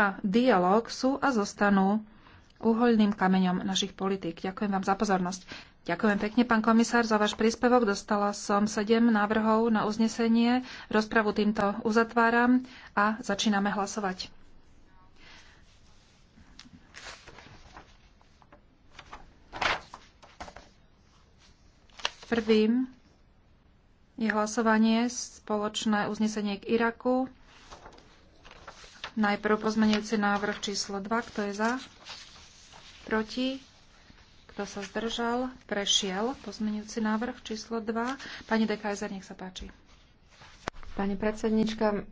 a dialog sú a zostanú uhoľným kameňom našich politík. Ďakujem vám za pozornosť. Ďakujem pekne, pán komisár, za váš príspevok. Dostala som sedem návrhov na uznesenie. Rozpravu týmto uzatváram a začíname hlasovať. Prvým je hlasovanie spoločné uznesenie k Iraku. Najprv pozmenujúci návrh číslo 2. Kto je za? Proti? Kto sa zdržal? Prešiel pozmenujúci návrh číslo 2. Pani Dekajzer, nech sa páči. Pani predsednička,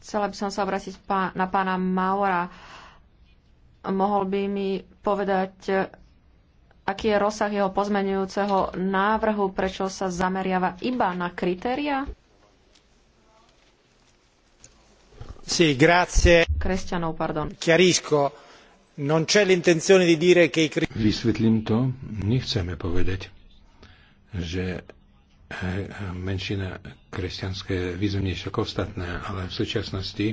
chcela by som sa obrátiť na pána Maura. Mohol by mi povedať, aký je rozsah jeho pozmenujúceho návrhu, prečo sa zameriava iba na kritéria? pardon. Chiarisco, non c'è l'intenzione di dire che i... Vysvetlím to. Nechceme povedať, že eh, menšina kresťanská je významnejšia ako ostatné, ale v súčasnosti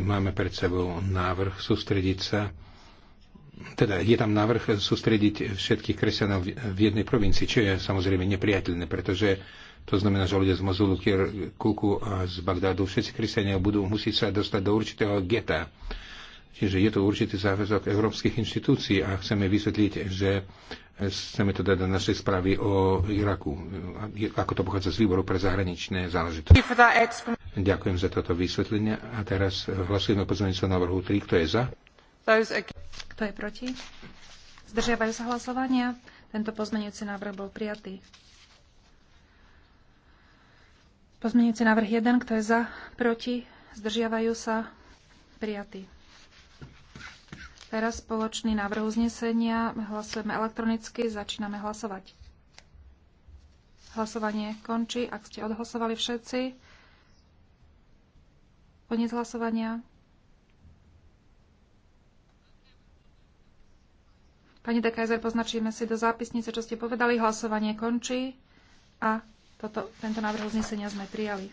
máme pred sebou návrh sústrediť sa teda je tam návrh sústrediť všetkých kresťanov v jednej provincii, čo je samozrejme nepriateľné, pretože to znamená, že ľudia z Mozulu, Kuku a z Bagdádu, všetci kresťania budú musieť sa dostať do určitého geta. Čiže je to určitý záväzok európskych inštitúcií a chceme vysvetliť, že chceme to dať do našej správy o Iraku, ako to pochádza z výboru pre zahraničné záležitosti. Ďakujem za toto vysvetlenie a teraz hlasujeme o pozornicu návrhu 3. Kto je za? Kto je proti? Zdržiavajú sa hlasovania? Tento pozmeňujúci návrh bol prijatý. Pozmeňujúci návrh 1, kto je za, proti, zdržiavajú sa, prijatý. Teraz spoločný návrh uznesenia. Hlasujeme elektronicky, začíname hlasovať. Hlasovanie končí, ak ste odhlasovali všetci. Koniec hlasovania. Pani Dekajzer, poznačíme si do zápisnice, čo ste povedali. Hlasovanie končí a toto, tento návrh uznesenia sme prijali.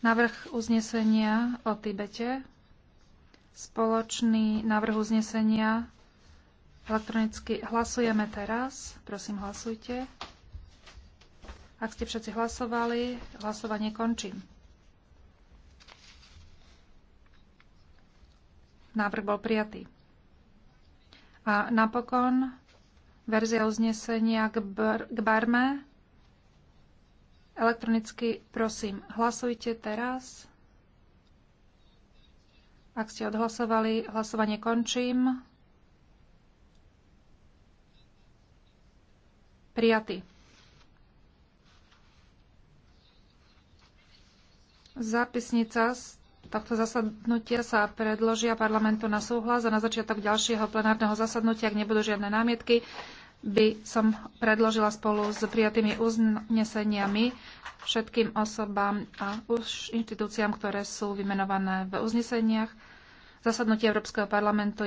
Návrh uznesenia o Tibete. Spoločný návrh uznesenia Elektronicky hlasujeme teraz. Prosím, hlasujte. Ak ste všetci hlasovali, hlasovanie končím. Návrh bol prijatý. A napokon verzia uznesenia k, br- k Barme. Elektronicky prosím, hlasujte teraz. Ak ste odhlasovali, hlasovanie končím. Prijatý. Zápisnica z tohto zasadnutia sa predložia parlamentu na súhlas a na začiatok ďalšieho plenárneho zasadnutia, ak nebudú žiadne námietky, by som predložila spolu s prijatými uzneseniami všetkým osobám a už inštitúciám, ktoré sú vymenované v uzneseniach. Zasadnutie Európskeho parlamentu